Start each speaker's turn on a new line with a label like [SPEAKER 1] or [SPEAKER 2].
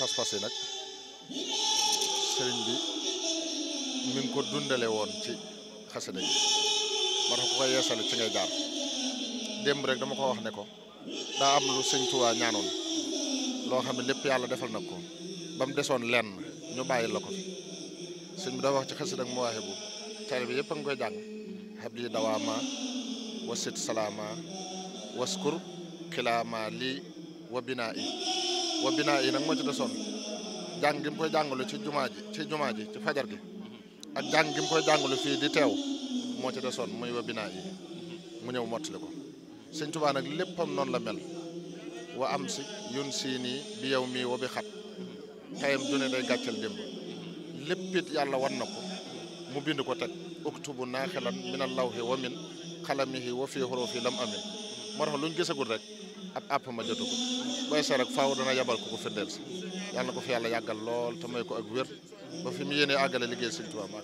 [SPEAKER 1] pas-pas yi nag sëriñ bi mi ngi ko dundale woon ci xasida yi moo tax ku yeesale ci ngay jaar démb rek dama ko wax ne ko daa am lu sëñ Tuubaa ñaanoon loo xam ne lépp yàlla defal na ko ba mu desoon lenn ñu bàyyi la ko fi sëñ bi daa wax ci xasida ak Mawaahibu taalibe bi yëpp a koy jàng habli dawaama wasit salaama waskur xilaama lii wa binaa i wa binaa yi nag moo ci desoon jàng gi mu koy jàngalu ci jumaa ji ci jumaa ci fajar gi ak jàng gi mu koy jàngalu fii di teew moo ci desoon muy wa binaa yi mu ñëw mottali ko sëñ Tuubaa nag léppam noonu la mel wa am si yun sii bi yow mii wa bi xat tayam june day gàccal démb léppit yàlla wan na ko mu bind ko teg uktubu naaxilan min allawhi wa min xalamihi wa fii xurufi lam amin moo tax lu ñu gisagul rek ak àpp ma jotu ko booy seet rek faaw dana yabal ko ko firndeel si yàlla na ko fi yàlla yàggal lool ta may ko ak wér ba fi mu yéenee àggale liggéey Sëñ Tuubaa